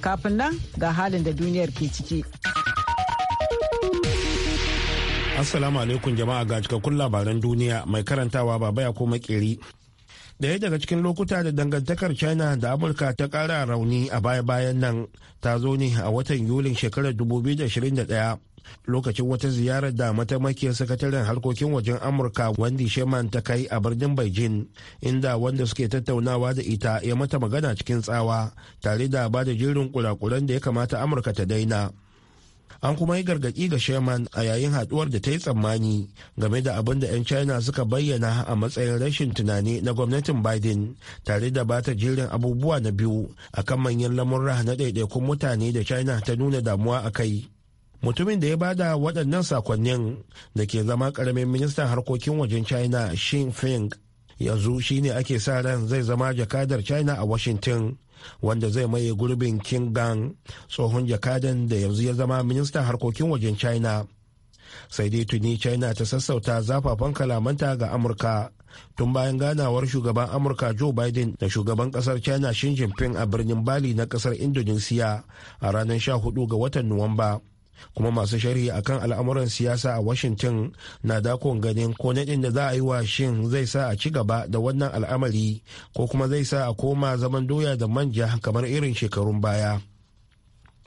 Kafin nan ga halin da duniyar ke ciki. Assalamu alaikum jama'a ga cikakkun labaran duniya mai karantawa baba ya koma makeri. Daya daga cikin lokuta da dangantakar China da Amurka ta kara rauni a baya-bayan nan ta zo ne a watan Yulin shekarar 2021 lokacin wata ziyarar da mataimakiyar sakataren harkokin wajen amurka wendy sherman ta kai a birnin beijing inda wanda suke tattaunawa da ita ya mata magana cikin tsawa tare da bada da jirin kurakuran da ya kamata amurka ta daina an kuma yi gargaɗi ga sherman a yayin haɗuwar da ta yi tsammani game da abin da 'yan china suka bayyana a matsayin rashin tunani na gwamnatin biden tare da bata jirin abubuwa na biyu akan manyan lamurra na ɗaiɗaikun mutane da china ta nuna damuwa a kai mutumin da ya bada waɗannan sakonnin da ke zama ƙaramin ministan harkokin wajen china shi feng yanzu shine ake sa ran zai zama jakadar china a washington wanda zai maye gurbin king gang tsohon jakadan da yanzu ya zama ministan harkokin wajen china sai dai tuni china ta sassauta zafafan kalamanta ga amurka tun bayan ganawar shugaban amurka joe biden da shugaban kasar china xi jinping a birnin bali na kasar indonesia a ranar 14 ga watan nuwamba. kuma masu sharhi akan al'amuran siyasa a washington na dakon ganin ko naɗin da za a yi wa shin zai sa a ci gaba da wannan al'amari ko kuma zai sa a koma zaman doya da manja kamar irin shekarun baya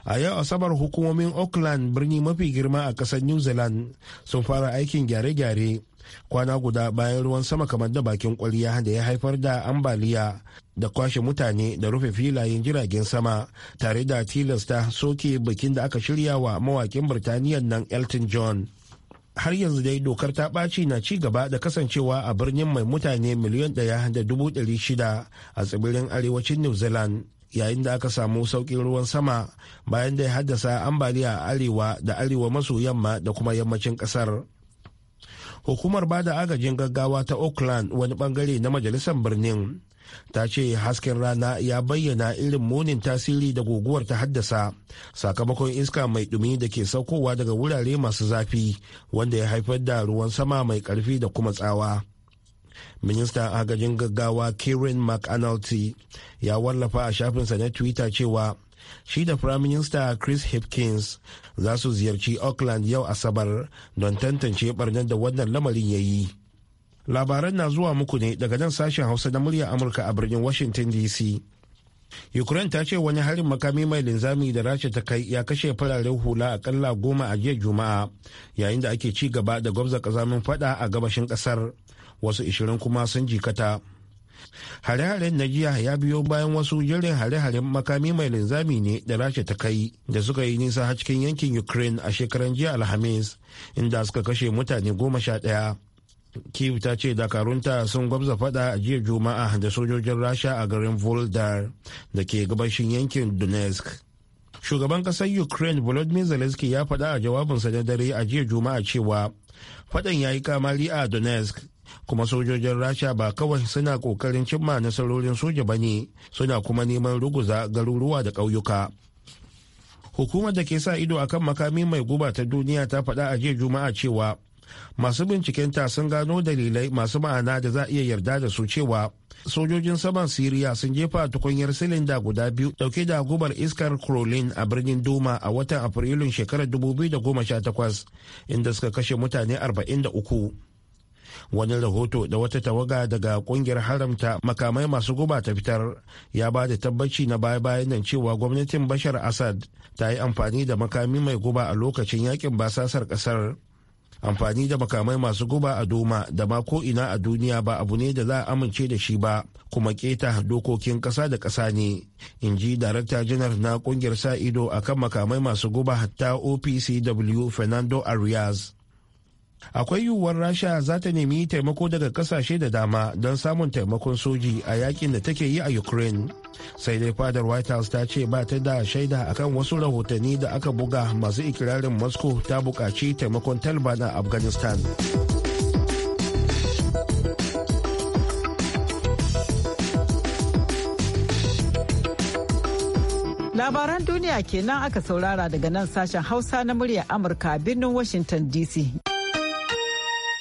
a yau asabar hukumomin auckland birni mafi girma a ƙasar new zealand sun fara aikin gyare-gyare kwana guda bayan ruwan sama kamar da bakin kwaliya da ya haifar da ambaliya da kwashe mutane da rufe filayen jiragen sama tare da tilasta soke bikin da aka shirya wa mawakin birtaniya nan elton john har yanzu dai dokar ta ɓaci na ci gaba da kasancewa a birnin mai mutane miliyan ɗaya da dubu ɗari shida a tsibirin arewacin new zealand yayin da aka samu sauƙin ruwan sama bayan da ya haddasa ambaliya a arewa da arewa maso yamma da kuma yammacin ƙasar. hukumar bada agajin gaggawa ta auckland wani bangare na majalisar birnin ta ce hasken rana ya bayyana irin munin tasiri da guguwar ta haddasa sakamakon iska mai dumi da ke saukowa daga wurare masu zafi wanda ya haifar da ruwan sama mai karfi da kuma tsawa ministan agajin gaggawa karen mcanulty ya wallafa a shafinsa na twitter cewa shi da Prime Minister Chris Hipkins za su ziyarci Auckland yau Asabar don tantance barnar da wannan lamarin ya yi. Labaran na zuwa muku ne daga nan sashen Hausa na murya Amurka a birnin Washington DC. Ukraine ta ce wani harin makami mai linzami da Rasha ta kai ya kashe fararen hula akalla goma a jiya Juma'a yayin da ake ci gaba da gwamza kazamin fada a gabashin kasar wasu ishirin kuma sun jikata. hare-haren na jiya ya biyo bayan wasu jerin hare-haren makami mai linzami ne da rasha ta kai da suka yi nisa a cikin yankin ukraine a shekaran jiya alhamis inda suka kashe mutane goma sha ɗaya kiev ta ce dakarunta sun gwabza fada a jiya juma'a da sojojin rasha a garin voldar da ke gabashin yankin donetsk shugaban kasar ukraine volodymyr zelensky ya faɗa a jawabinsa na dare a jiya juma'a cewa fadan ya yi kamari a donetsk kuma sojojin rasha ba kawai suna kokarin cimma nasarorin soja ba ne suna kuma neman ruguza garuruwa da ƙauyuka hukumar da ke sa ido akan makami mai guba ta duniya ta faɗa a jiya juma'a cewa masu bincikenta sun gano dalilai masu ma'ana da za a iya yarda da su cewa sojojin saman siriya sun jefa tukunyar silinda guda biyu dauke da gubar iskar krolin a birnin Duma a watan afrilun shekarar 2018 inda suka kashe mutane 43 wani rahoto da wata tawaga daga kungiyar haramta makamai masu guba ta fitar ya ba da tabbaci na baya-bayan nan cewa gwamnatin bashar assad ta yi amfani da makami mai guba a lokacin yakin basasar kasar amfani da makamai masu guba a doma da ma ko ina a duniya ba abu ne da za a amince da shi ba kuma keta dokokin kasa da kasa ne in ji darakta janar na kungiyar sa ido akan makamai masu guba ta opcw fernando arias akwai yiwuwar rasha za ta nemi taimako daga kasashe da dama don samun taimakon soji a yakin da take yi a ukraine sai dai fadar white house ta ce ba ta da shaida akan wasu rahotanni da aka buga masu ikirarin moscow ta buƙaci taimakon taliban a afghanistan labaran duniya kenan aka saurara daga nan sashen hausa na murya amurka birnin washington dc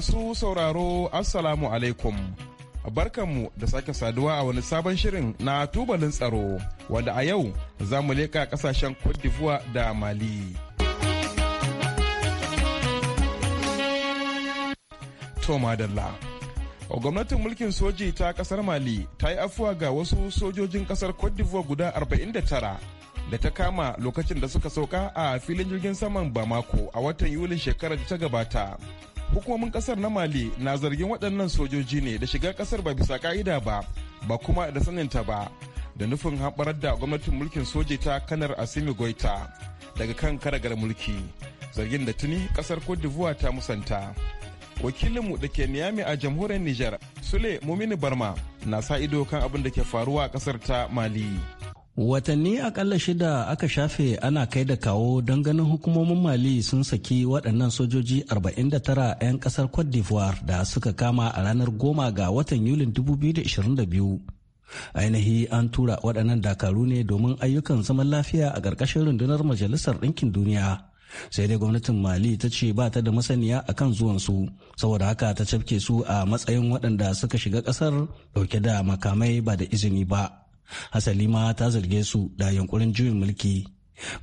Masu sauraro Assalamu alaikum. Barkanmu da sake saduwa a wani sabon shirin na tubalin tsaro wanda a yau za mu leƙa ƙasashen Cote da Mali. gwamnatin mulkin soji ta kasar mali ta yi afuwa ga wasu sojojin kasar cote d'ivoire guda 49 da ta kama lokacin da suka sauka a filin jirgin saman bamako a watan yulin shekarar da ta gabata hukumomin kasar na mali na zargin waɗannan sojoji ne da shiga kasar ba bisa ka'ida ba ba kuma da saninta ba da nufin haɓarar da gwamnatin mulkin soja ta kanar asimi goita daga kan karagar mulki zargin da tuni kasar cote d'ivoire ta musanta wakilinmu da ke niyami a jamhuriyar niger sule mumini barma na sa ido kan abin da ke faruwa a kasar ta mali Watanni akalla shida aka shafe ana kai da kawo don ganin hukumomin Mali sun saki waɗannan sojoji 49 'yan ƙasar Cote d'Ivoire da suka kama a ranar 10 ga watan Yulin 2022. Ainihi an tura waɗannan dakaru ne domin ayyukan zaman lafiya a ƙarƙashin rundunar Majalisar Ɗinkin Duniya. Sai dai gwamnatin Mali ta ce ba ta da masaniya a kan zuwansu, saboda haka ta cafke su a matsayin waɗanda suka shiga ƙasar ɗauke da makamai ba da izini ba. hasali ma ta zarge su da yunkurin juyin mulki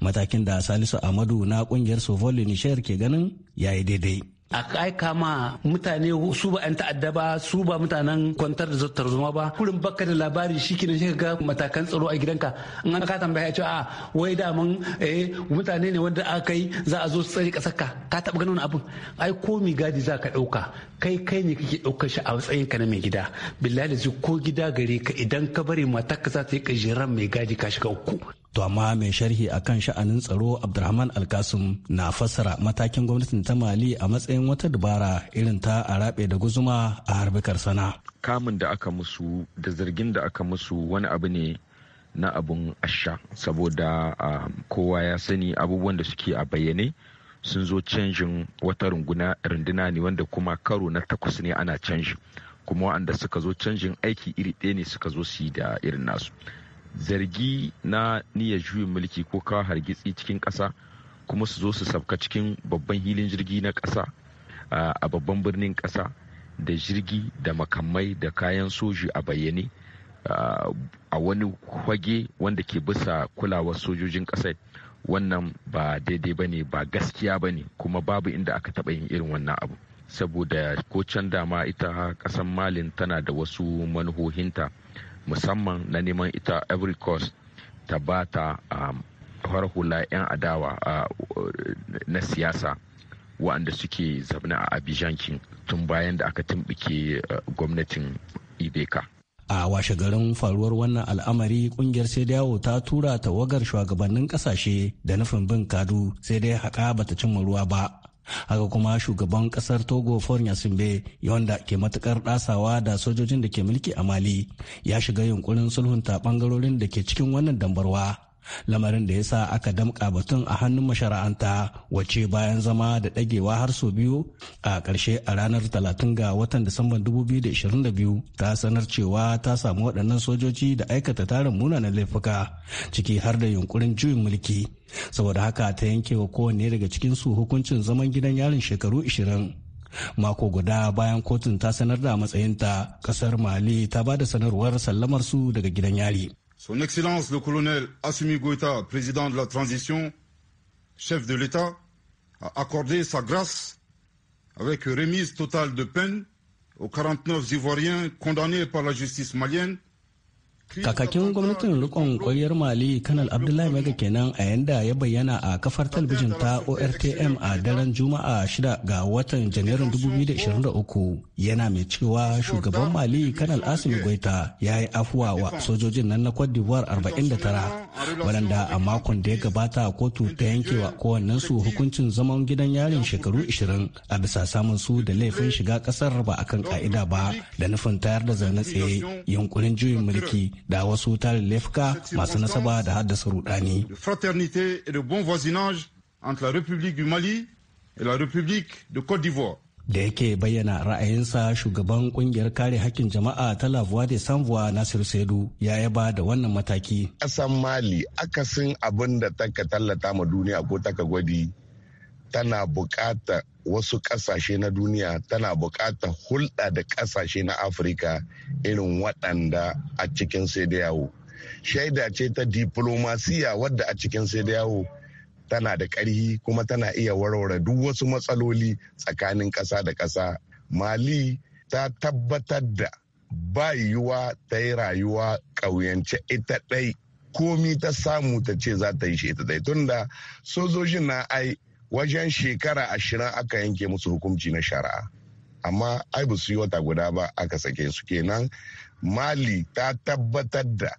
matakin da salisu amadu na kungiyar sovol nishiyar ke ganin yayi daidai a aika ma mutane su ba 'yan ta'adda ba su ba mutanen kwantar da zartar zuma ba kurin baka da labari shi kenan shi ga matakan tsaro a gidanka in an ka bai cewa a ah, wai da mun eh, mutane ne wanda aka yi za a zo su tsare kasar ka taɓa taba ganin abin ai ko mi gadi za ka dauka kai kai ne kake daukar shi a matsayin ka na mai gida billahi ko gida gare ka idan ka bari matarka za ta yi kajiran mai gadi ka shiga uku To amma mai sharhi akan sha'anin tsaro Abdulrahman Alkasum na fassara matakin gwamnatin ta Mali a matsayin wata dabara irin ta a rabe da guzuma a harbikar sana. Kamun da aka musu da zargin da aka musu wani abu ne na abun asha saboda kowa ya sani abubuwan da suke a bayyane sun zo canjin wata runduna ne wanda kuma karo na takwas ne ana canji kuma waɗanda suka zo canjin aiki iri ɗaya ne suka zo su yi da irin nasu zargi na niyyar juyin mulki ko kawo hargitsi cikin ƙasa kuma su zo su sabka cikin babban hilin jirgi na ƙasa a babban birnin ƙasa da jirgi da makamai da kayan soji a bayyane a wani kwage wanda ke bisa kulawar sojojin ƙasar wannan ba daidai ba ne ba gaskiya ba ne kuma babu inda aka taɓa yin irin wannan abu saboda ko can dama ita ƙasar malin tana da wasu manuhohinta musamman na neman ita every cost ta bata um, har hula 'yan adawa uh, uh, na siyasa waɗanda suke zaune a abidjan tun bayan da aka tumbuke uh, gwamnatin ibeka a washe garin faruwar wannan al'amari kungiyar sai yawo ta tura tawagar shugabannin kasashe da nufin bin kadu sai dai haka bata cimma ruwa ba haka kuma shugaban kasar togo foreign yasimbe wanda ke matukar dasawa da sojojin da ke mulki a mali ya shiga yunkurin sulhunta bangarorin da ke cikin wannan dambarwa lamarin da ya sa aka damƙa batun a hannun mashara'anta wacce bayan zama da ɗagewa har sau biyu a ƙarshe a ranar 30 ga watan disamban 2022 ta sanar cewa ta samu waɗannan sojoji da aikata tarin munanan laifuka ciki har da yunkurin juyin mulki saboda haka ta yanke wa kowanne daga cikin su hukuncin zaman gidan yarin shekaru 20 mako guda bayan kotun ta sanar da matsayinta ƙasar mali ta ba da sanarwar sallamar su daga gidan yari Son Excellence le colonel Assumi Goïta, président de la transition, chef de l'État, a accordé sa grâce avec remise totale de peine aux 49 Ivoiriens condamnés par la justice malienne Kakakin gwamnatin rikon kwaryar Mali Kanal Abdullahi Mega kenan a yanda ya bayyana a kafar talabijin ta ORTM a daren Juma'a 6 ga watan Janairun 2023 yana mai cewa shugaban Mali Kanal Asimi Goita ya yi afuwa wa sojojin nan na Cote d'Ivoire 49 wadanda a makon da ya gabata kotu ta yankewa kowannen su hukuncin zaman gidan yarin shekaru 20 a bisa samun su da laifin shiga ƙasar ba akan ka'ida ba da nufin tayar da zaune tsaye yunkurin juyin mulki da wasu tarin lefka masu nasaba da haddasa rudani. Da yake bayyana ra'ayinsa shugaban kungiyar kare hakkin jama'a ta Lavuwa de Nasiru Sedu ya yaba da wannan mataki. ƙasan Mali akasin abin da taka tallata ma duniya ko taka gwadi tana buƙatar wasu ƙasashe na duniya tana buƙatar hulɗa da ƙasashe na afirka irin waɗanda a cikin sai yawo shaida ce ta diplomasiya wadda a cikin sai yawo tana da ƙarhi kuma tana iya warware duk wasu matsaloli tsakanin ƙasa da ƙasa mali ta tabbatar da bayuwa yiwuwa ta yi rayuwa ƙauyance ita ɗai komi ta samu ta ce za ta yi shi ita ɗai tunda sojojin na ai wajen shekara ashirin aka yanke musu hukunci na shari'a amma ai ba su yi wata guda ba aka sake su kenan mali ta tabbatar da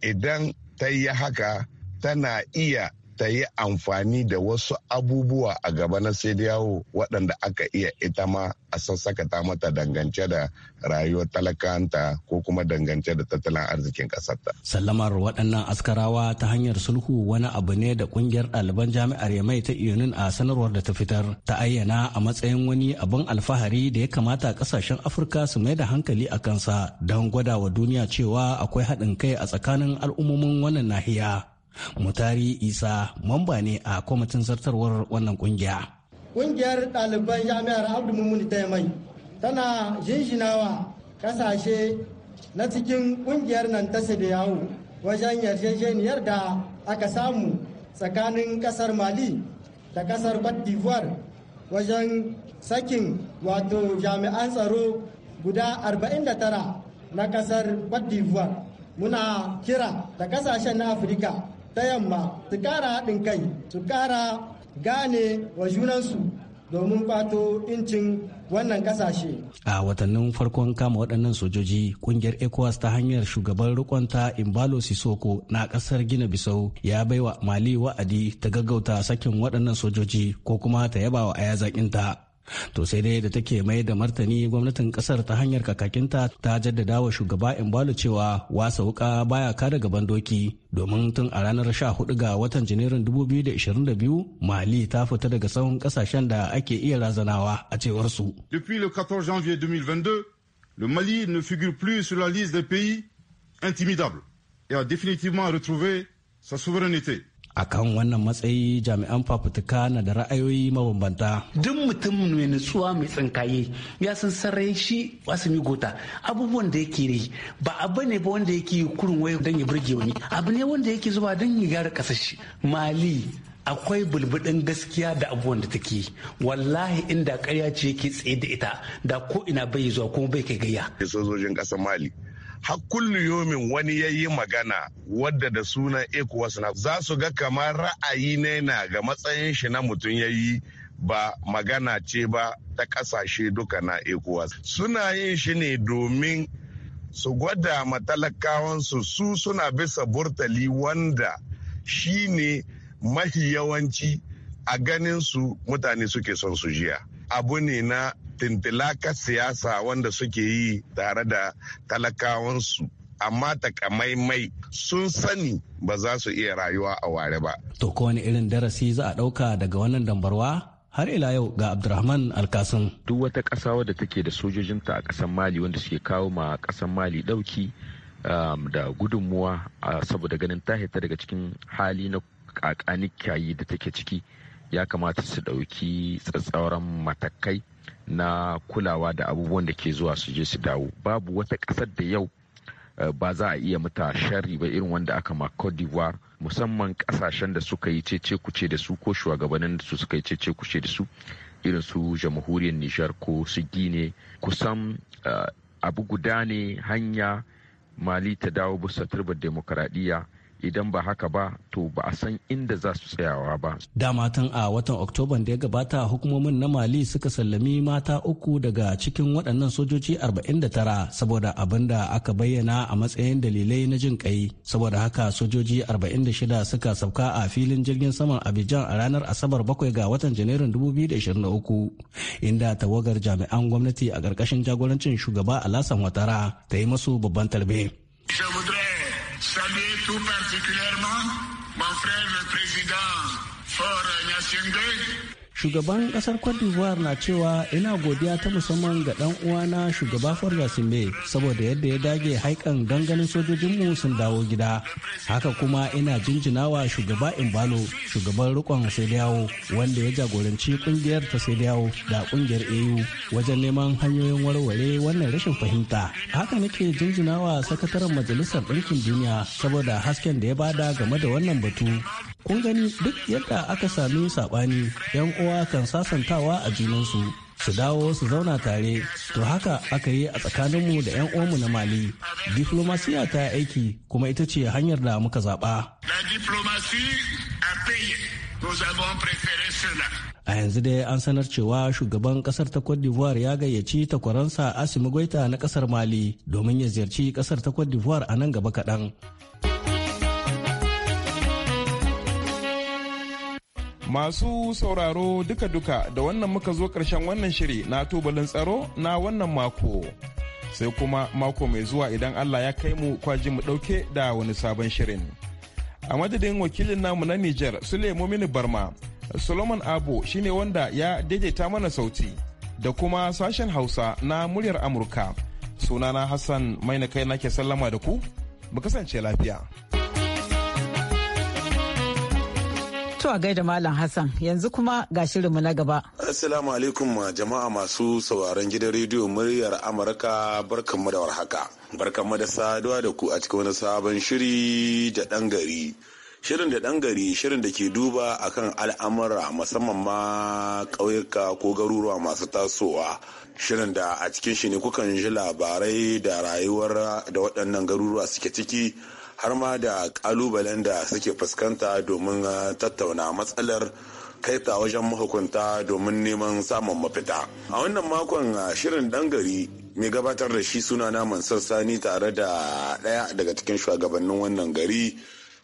idan ta yi haka tana iya ta yi amfani da wasu abubuwa a gaba na sai yawo waɗanda aka iya ita ma a sassaka ta mata dangance da rayuwar talakanta ko kuma dangance da tattalin arzikin ƙasarta. Sallamar waɗannan askarawa ta hanyar sulhu wani abu ne da ƙungiyar ɗaliban jami'ar Yamai ta Yunin a sanarwar da ta fitar ta ayyana a matsayin wani abin alfahari da ya kamata ƙasashen Afirka su mai da hankali a kansa don gwada wa duniya cewa akwai haɗin kai a tsakanin al'ummomin wannan nahiya. mutari isa mamba ne a kwamitin zartarwar wannan kungiya kungiyar ɗaliban jami'ar abdu mummuni ta mai tana jinjinawa kasashe na cikin kungiyar nan ta yawo wajen yarjejeniyar da aka samu tsakanin kasar mali da kasar cote d'ivoire wajen sakin wato jami'an tsaro guda 49 na kasar cote d'ivoire muna kira da kasashen na afirka ta yamma su kara haɗin kai su kara gane wa junansu domin fato incin wannan kasashe. A watannin farkon kama waɗannan sojoji ƙungiyar ECOWAS ta hanyar shugaban rukonta Imbalo Sisoko na ƙasar Gina Bisau ya baiwa Mali wa'adi ta gaggauta sakin waɗannan sojoji ko kuma ta yaba wa aya to sai dai da take mai da martani gwamnatin kasar ta hanyar kakakinta ta jaddada wa shugaba imbalo cewa wasa wuka baya kada gaban doki domin tun a ranar 14 ga watan janairun 2022 mali ta fita daga sahun kasashen da ake iya razanawa a cewar su depuis le 14 janvier 2022 le mali ne figure plus sur la liste des pays intimidables et a définitivement retrouvé sa souveraineté a kan wannan matsayi jami'an fafutuka na da ra'ayoyi mabambanta duk mutum mai nutsuwa mai tsinkaye ya san sarai shi wasu gota abubuwan da yake yi ba abu ne ba wanda yake kurin wai don ya burge wani abu ne wanda yake zuwa don ya gyara kasashe mali akwai bulbudin gaskiya da abubuwan da take wallahi inda karya ce yake tsaye da ita da ko ina bai zuwa kuma bai kai gayya sojojin ƙasar mali hakullu yomin wani ya yi magana wadda da sunan ecowas na za su ga kamar ra'ayi ne na ga matsayin shi na mutum ya yi ba magana ce ba ta kasashe duka na ecowas suna yin shi ne domin su gwada matalakawansu su suna bisa burtali wanda shi ne mahi yawanci a ganin su mutane suke son su jiya abu ne na tintilakar siyasa wanda suke yi tare da talakawansu amma takamaimai sun sani ba za su iya rayuwa a ware ba. To kowane irin darasi za a ɗauka daga wannan dambarwa? har ila yau ga abdulrahman alkasun. duk wata ƙasa wadda take da sojojinta a ƙasar mali wanda suke kawo ma ƙasar mali ɗauki um, da gudunmuwa saboda ganin ta hita daga cikin hali na kakani kyayi da take ciki ya kamata su ɗauki tsatsauran matakai na kulawa da abubuwan da ke zuwa su je su dawo babu wata ƙasar da yau eh, ba za a iya mata sharri ba irin wanda aka ma Cote d'Ivoire musamman kasashen da suka yi cece kuce da su ko shugabannin da suka yi cece kuce da su irin su jamhuriyar Nijar ko su Gine kusan eh, abu guda ne hanya Mali ta dawo bisa turbar demokaradiyya idan ba haka ba to ba a san inda za su tsayawa ba. da matan a watan Oktoban da ya gabata hukumomin na Mali suka sallami mata uku daga cikin waɗannan sojoji 49 saboda abin da aka bayyana a matsayin dalilai na jin kai. Saboda haka sojoji 46 suka sauka a filin jirgin saman abijan a ranar Asabar bakwai ga watan Janairun 2023 inda tawagar jami'an gwamnati a ƙarƙashin jagorancin shugaba a lasan watara ta yi masu babban tarbe. tout particulièrement mon frère le président Fort Nyassingbe, shugaban kasar cote d'ivoire na cewa ina godiya ta musamman ga dan uwana shugaba farga sime saboda yadda ya dage haikan ganganin sojojinmu sun dawo gida haka kuma ina jinjinawa shugaba imbalo shugaban rikon sediyawo wanda ya jagoranci kungiyar ta sediyawo da kungiyar au wajen neman hanyoyin warware wannan rashin fahimta haka nake jinjinawa sakataren majalisar ɗinkin duniya saboda hasken da ya bada game da wannan batu kun gani duk yadda aka sami saɓani yan uwa kan sasantawa a junansu su dawo su zauna tare to haka aka yi a tsakaninmu da 'yan uwanmu na mali diflomasiya ta aiki kuma ita ce hanyar da muka zaɓa a yanzu dai an sanar cewa shugaban kasar ta cote d'ivoire ya gayyaci takwaransa asimi goita na kasar mali domin ya ziyarci kasar ta cote d'ivoire a nan gaba kaɗan Masu sauraro duka-duka da wannan muka zo karshen wannan shiri na tubalin tsaro na wannan mako. Sai kuma mako mai zuwa idan Allah ya kai mu kwaji mu ɗauke da wani sabon shirin. A madadin wakilin namu na Nijar Sulemo Mini Barma, Solomon abu shine wanda ya daidaita mana sauti da kuma sashen Hausa na muryar Amurka. Sunana Hassan mai na kai nake sallama da ku, mu kasance lafiya. To a gaida Malam Hassan yanzu kuma ga shirinmu na gaba. Assalamu alaikum jama'a masu sauraron gidan rediyo muryar Amurka barkanmu da warhaka. Barkanmu da saduwa da ku a cikin wani sabon shiri da ɗan gari. Shirin da ɗan gari shirin da ke duba akan al'amura musamman ma ƙauyuka ko garuruwa masu tasowa. Shirin da a cikin shi ne kukan ji labarai da rayuwar da waɗannan garuruwa suke ciki har ma da kalubalen da suke fuskanta domin ah, tattauna matsalar kai ta wajen mahukunta domin neman samun mafita a wannan makon ah, shirin gari mai gabatar da shi suna naman sani tare da ɗaya daga cikin shugabannin wannan gari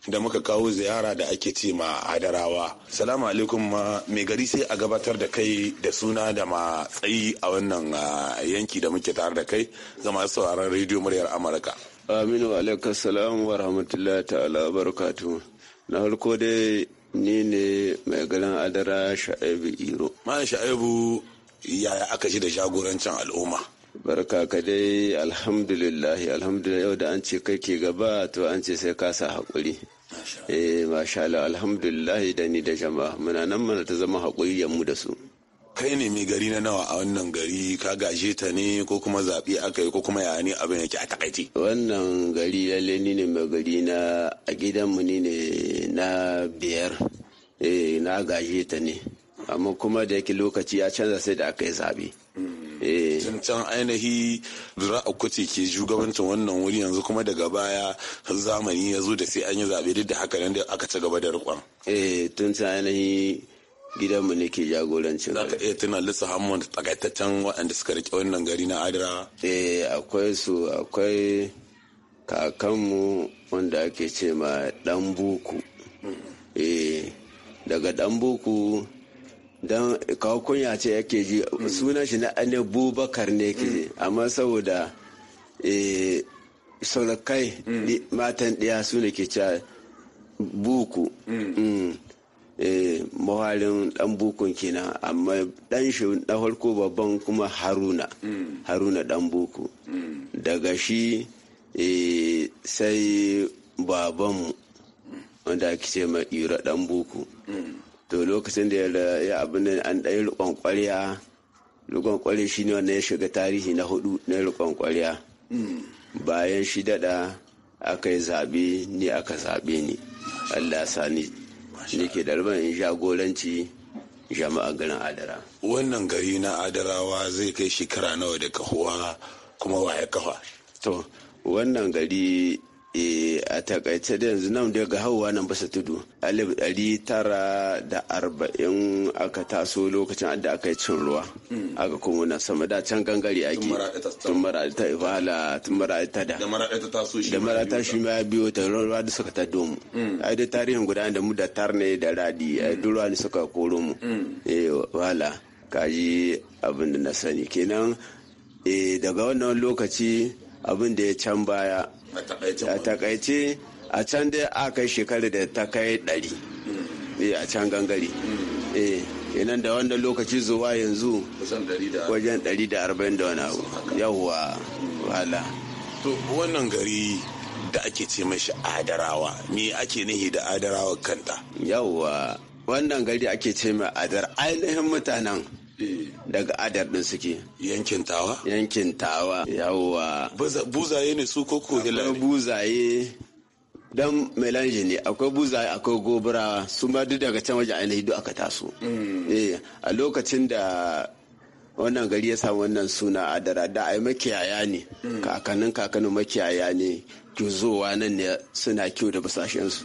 da muka kawo ziyara da ake ce ma hadarawa salamu alaikum mai gari sai a gabatar da kai da suna da matsayi a wannan ah, yanki da muke tare da kai ga masu sauraron rediyo muryar amurka Aminu alaikar salam wa rahmatullahi ta'ala barakatu. Na harko dai ni ne mai galan adara sha'ibu iro. Ma sha'ibu yaya aka ji da jagorancin al'umma? Barka ka dai alhamdulillahi alhamdulillah yau da an ce kai ke gaba to an ce sai ka sa haƙuri. Eh masha Allah alhamdulillahi da ni da jama'a muna nan mana ta zama hakuri yammu da su. kai ne mai gari na nawa a wannan gari ka gaje ta ne ko kuma zaɓe aka yi ko kuma ya ne abin yake a takaice. wannan gari lalle ni ne mai gari na a gidanmu ni ne na biyar eh, na gaje ta ne amma kuma da yake lokaci ya canza sai da aka yi zaɓe. can hmm. eh. ainihi zura a kuce ke shugabancin wannan wuri yanzu kuma daga baya zamani ya zo da sai an yi zaɓe duk da haka nan da aka ci gaba da riƙon. eh tun can ainihi gidanmu ne ke jagorancin za ka iya tuna lissa hamman takaitaccen waɗanda suka rike wannan gari na adira eh akwai su akwai kakanmu wanda ake ce ma buku eh daga dan buku don ce yake ji sunan shi na ne bubakar ne ke amma saboda eh, saurakai mm. matan ɗaya su ne ke cewa buku mm. Mm. Eh, mahalin dan bukun kenan amma dan shi na farko babban kuma haruna haruna dan buku daga shi eh, sai babanmu wanda ake ce ma ira dan buku to lokacin da ya abin ne an dai rukon kwarya rukon kwarya shine wanda ya shiga tarihi na hudu na rikon kwarya bayan shi dada aka yi zaɓe ni aka zaɓe ni allah sani da ke da in jagoranci jama'a garin adara wannan gari na adarawa zai kai shekara nawa da kahuwa kuma wa ya kafa to wannan gari Eh, a takaice da yanzu nan daga hauwa nan basa tudu alif ɗari tara da arba'in aka taso lokacin da aka yi cin ruwa hmm. aka kuma na sama da can gangare ake tun maraɗita ta tun maraɗita ta da da maraɗita ta shi ma biyo ta ruwa da suka ta domu hmm. ai da tarihin guda da mu da ne da radi ai hmm. duk ruwa da suka koro mu wala eh, kaji abin da na sani kenan eh, daga wannan lokaci abin da ya can baya a takaice a can dai a kai shekarar da ta kai ɗari hmm. eh, a can gangare inan hmm. eh, da wanda lokaci zuwa yanzu wajen 140 da wani abu yawwa wala to wannan gari da ake ce mashi adarawa me ake nihi da adarawa kanta yawwa wannan gari ake ce mai adar ainihin mutanen daga adar din suke yankin tawa yankin tawa yawa buzaye ne su koko hilali buzaye dan melange ne akwai buzaye akwai gobara su ma duk daga can wajen ainihi duk aka taso mm. eh, a lokacin da wannan gari ya samu wannan suna a da da ai makiyaya ne mm. kakannin kakannin makiyaya ne zowa nan ne suna kyau da basashensu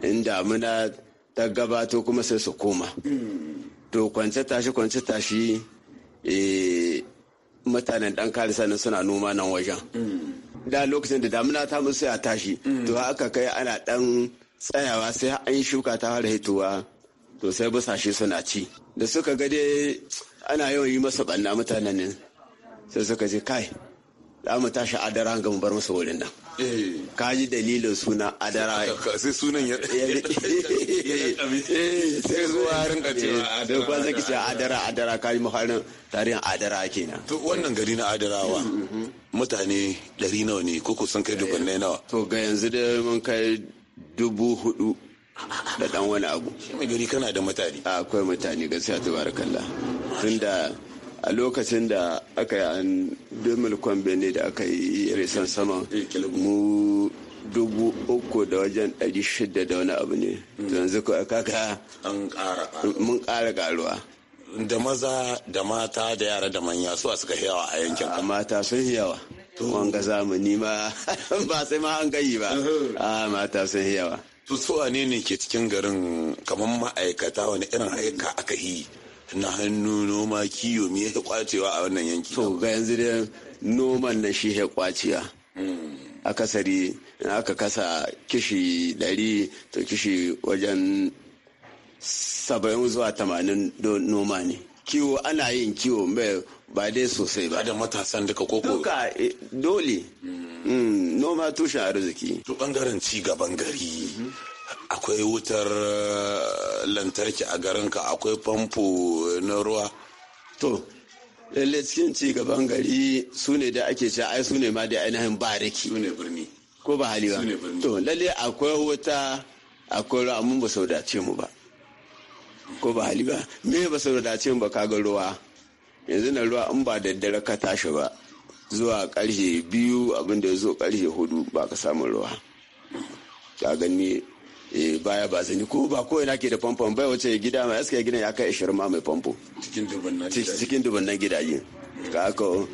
mm. in muna ta gabato kuma sai su koma to kwance tashi kwance tashi eh, mutanen dan karisa suna noma nan wajen mm. da lokacin da damina ta musu ya tashi mm. to aka kai ana dan tsayawa sai an shuka ta fara hitowa to sai busashe suna ci da suka ga ana yawan yi masa banna mutanen ne sai suka ce kai da mu tashi adara ga mu bar musu wurin nan ka ji dalilin suna adara sai sunan ya sai zuwa rinka cewa adara ko zaki ce adara adara ka ji maharin tarihin adara kenan to wannan gari na adarawa mutane dari nawa ne ko kusan kai ne nawa to ga yanzu da mun kai dubu hudu da dan wani abu shi mai gari kana da mutane akwai mutane gaskiya tabarakallah tunda a lokacin da aka yi an dumil kwambe da aka yi resan sama mu dubu uku da wajen ɗari shida da wani abu ne yanzu ko kaka mun ƙara ƙaruwa da maza da mata da yara da manya su suka yawa a yankin a mata sun yawa wanga zamani ma ba sai ma an gayi ba uh-huh. a mata sun yawa su ne ne ke cikin garin kamar ma'aikata wani irin aika aka yi na hannu noma kiyo me ya kwacewa a wannan yanki to ga yanzu dai noman na shi ya kwaciya hmm. akasari in aka kasa kishi dari to kishi wajen saba'in zuwa tamanin noma ne kiwo ana yin kiwo mai ba dai sosai ba da matasan duka koko duka e, dole hmm. Hmm, noma tushen arziki to bangaren ci gaban gari mm-hmm. akwai wutar eh, lantarki a garinka akwai famfo na ruwa to lalle cikin ci gaban gari su ne da ake cewa ai su ne ma da ainihin bariki su ne birni ko ba hali ba to lalle akwai wuta akwai ruwa mun ba saudace mu ba ko ba hali ba me ba saudace mu ba kaga ruwa yanzu na ruwa in ba daddare ka tashi ba zuwa karshe biyu abinda ya zo karshe hudu ba ka samu ruwa ka gani Eh, baya ba zani ko ba ko ina ke da ba bai wace gida mai aska gidan ya kai 20 ma mai famfo cikin dubannan gidaje ka ko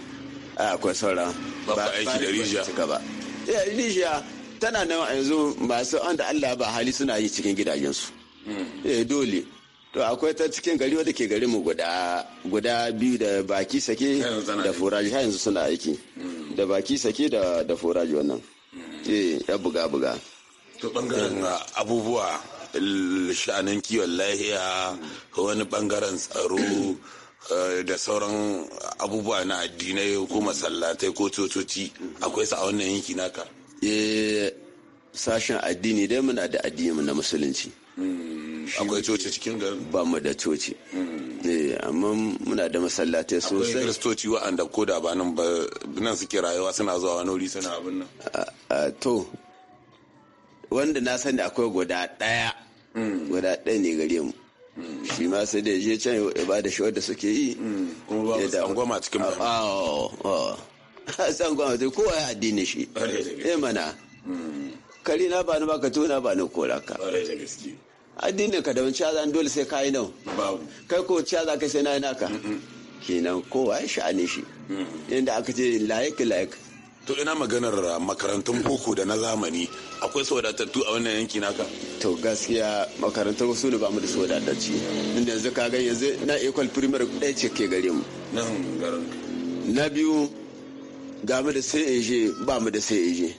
a ko saura ba aiki da rijiya ba eh, rijiya tana nan yanzu masu an da Allah ba hali suna yi cikin gidajensu hmm. eh dole to akwai ta cikin gari wadda ke gari mu guda guda biyu da baki sake da foraji yanzu suna aiki hmm. da baki sake da da foraji wannan hmm. eh ya buga buga to bangaren uh, abubuwa sha'anin kiwon lahiya wani bangaren tsaro uh, da sauran abubuwa na addinai ko masallatai ko cococi akwai sa a wannan yanki naka eh, sashen addini dai muna da addini na musulunci hmm, akwai coci cikin garin ba mu da coci hmm. eh, amma muna da masallatai sosai akwai kristoci wa'anda ko da nan ba nan suke rayuwa suna zuwa wani wuri suna abin nan to wanda na sani akwai guda ɗaya guda ɗaya ne gare mu shi ma sai da je can ya ba da shawar da suke yi kuma ba tsangwama cikin ba ah, ah, ah. tsangwama sai kowa ya addini shi ya eh, mana kari na ba ni ba ka ba ni kora ka addinin ka da wani zan dole sai kayi nau kai ko caza ka sai na yi naka kenan kowa ya sha'ani shi inda aka ce layik layik to ina maganar makarantun boko da na zamani akwai sau a wannan yanki naka to gaskiya makarantar su ne ba mu da su tattu. inda yanzu ka ga yanzu na ekwal primary ɗaya ce ke gare mu na biyu ga mu da sai je ba mu da sai je.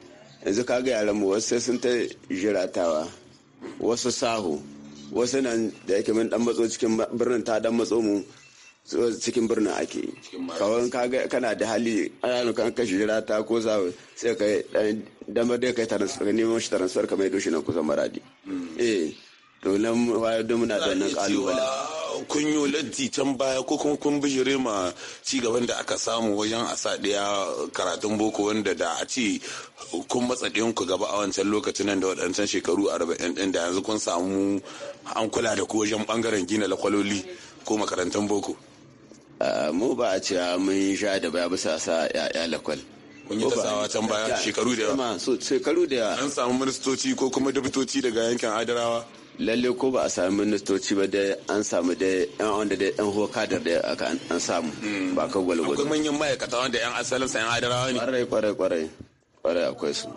yanzu ka ga yaran mu wasu sun ta jiratawa wasu sahu wasu nan da yake min dan matso cikin birnin ta dan matso mu cikin birnin ake kawai kaga kana da hali ana kan jira ta ko za sai ka damar da kai transfer neman shi transfer ka mai shi nan kusan maradi hmm. eh to nan don muna da nan kalubale kun yi ladi can baya ko kuma kun bijire ma ci gaban da aka samu wajen a sa daya karatun boko wanda da a ce kun matsa ku gaba a wancan lokacin nan da waɗancan shekaru arba'in ɗin da yanzu kun samu an kula da ku wajen ɓangaren gina lakwaloli ko makarantar boko. mu ba a cewa mun sha da baya bisa sa ya'ya lakwal mun yi tasawa can baya shekaru da yawa shekaru da yawa an samu ministoci ko kuma dabitoci daga yankin adarawa lalle ko ba a sami ministoci ba da an samu da yan wanda da yan huwa kadar da aka an samu hmm. ba ka gwalgwalo akwai manyan ma'aikata wanda yan asalin sa yan adarawa ne kwarai kwarai kwarai kwarai akwai su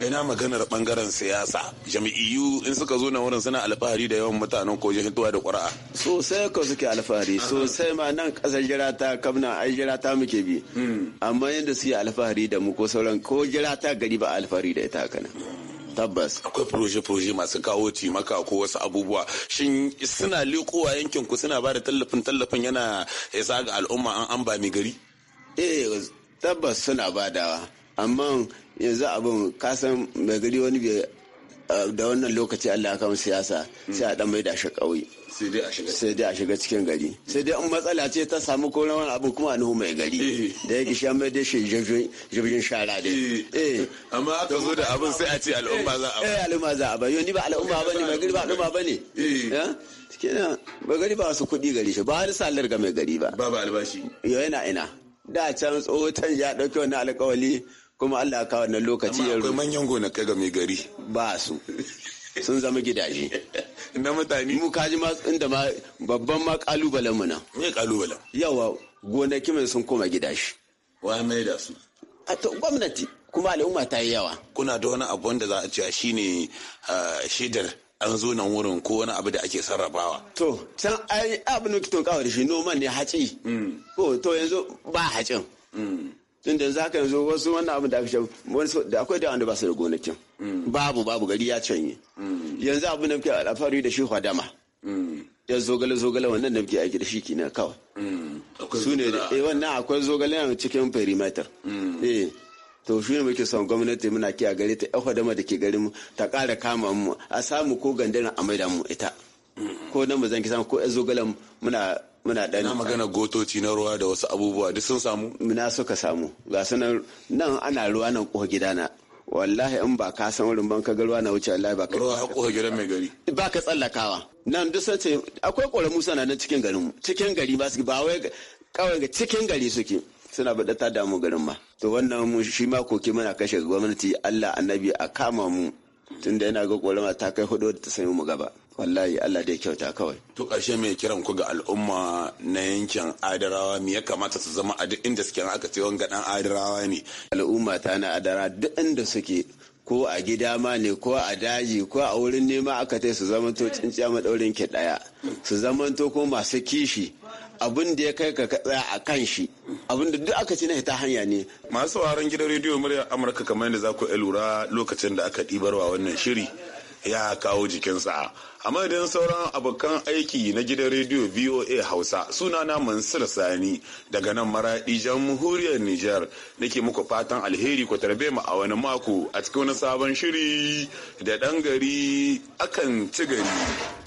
ina maganar bangaren siyasa jami'iyu in suka zo na wurin suna alfahari da yawan mutanen ko hituwa da ƙura'a sosai ka suke alfahari sosai ma nan kasar ta kamna ai ta muke bi hmm. amma yadda suke alfahari da mu ko sauran ko jira ta gari ba alfahari da ita haka tabbas akwai proje-proje masu kawo maka ko wasu abubuwa shin suna likowa yankin ku suna bada tallafin tallafin yana isa ga al'umma an an ba gari eh tabbas suna badawa amma yanzu abin kasan mai gari wani bai da wannan lokaci Allah ya kama siyasa sai a dan mai da shi ƙauye sai dai a shiga cikin gari sai dai in matsala ce ta samu ko wani abu kuma a nuhu mai gari eh. da yake shi mai dai shi jirgin shara dai eh. Eh. amma aka zo da abin sai a ce al'umma za a ba eh al'umma za a ba ni ba al'umma ba ne mai gari ba al'umma ba ne kenan mai gari ba su kuɗi gari shi ba har salar ga mai gari ba ba ba albashi yana ina da can tsohon ya dauke wani alƙawali kuma Allah ya kawo wannan lokaci ya akwai manyan gonakai ga mai gari ba su sun zama gidaje na mutane mu kaji ma inda ma babban ma kalubalen mu na me kalubalen yawa gonaki mai sun koma gidaje wa mai da su a to gwamnati kuma al'umma ta yi yawa kuna da wani abu wanda za a ce shine shidar an zo nan wurin ko wani abu da ake sarrafawa. To, can abin da kawai kawar shi noman ne haci. Ko mm. oh, to yanzu ba hacin. Mm. tun da zaka yanzu wasu wannan abin da aka shafi da akwai da wanda ba su da gonakin babu babu gari ya canye yanzu abin da muke alfahari da shi hadama ya zogale zogale wannan da muke aiki da shi kina kawai su ne eh wannan akwai zogale a cikin perimeter eh to shi ne muke son gwamnati muna kiya gare ta yan da ke gari mu ta kara kama mu a samu ko gandana a maida mu ita ko nan mu zan ki samu ko yan zogalen muna muna dan na magana gotoci na ruwa da wasu abubuwa duk sun samu muna suka samu ga sanan nan ana ruwa nan ko gidana wallahi in ba ka san wurin ban ka ga ruwa na wuce Allah ba ka ruwa haƙo gidan mai gari ba ka tsallakawa nan duk sun ce akwai musa na nan cikin garin cikin gari ba su ba wai kawai ga cikin gari suke suna bada ta damu garin ma to wannan mu shi ma koki muna kashe gwamnati Allah annabi a kama mu tunda yana ga ƙorama ta kai hudu da ta sanya mu gaba wallahi Allah dai kyauta kawai. To ƙarshe mai kiran ku ga al'umma na yankin Adarawa me ya kamata su zama a duk inda suke aka ce wanga dan Adarawa ne. Al'umma ta na Adara duk inda suke ko a gida ma ne ko a daji ko a wurin nema aka tai su zama to tsinciya madaurin ki daya su zama to ko masu kishi abin da ya kai ka tsaya a kan shi abin da duk aka ci na ta hanya ne masu sauraron gidan rediyo murya amurka kamar yadda za ku lura lokacin da aka ɗibarwa wannan shiri ya kawo jikinsa A madadin sauran abokan aiki na gidan rediyo VOA Hausa sunana Mansur Sani daga nan maraɗi jamhuriyar Nijar nake muku fatan alheri ku tarbe mu a wani mako a cikin wani sabon shiri da ɗan gari akan ci gari.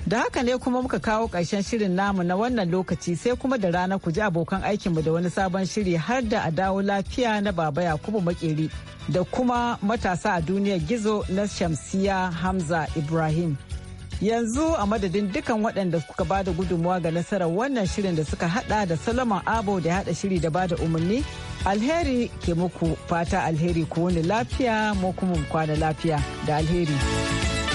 Da haka ne kuma muka kawo karshen shirin namu na wannan lokaci sai kuma da rana ku ji abokan aikinmu da wani sabon shiri har da a dawo lafiya na Baba Yakubu Makeri da kuma matasa a duniyar gizo na Shamsiya Hamza Ibrahim. Yanzu a madadin dukan waɗanda kuka ba da gudunmawa ga nasarar wannan shirin da suka hada da salaman Abo da ya hada shiri da ba da umarni, alheri ke muku fata alheri ku wani lafiya mu kuma kwana lafiya da alheri.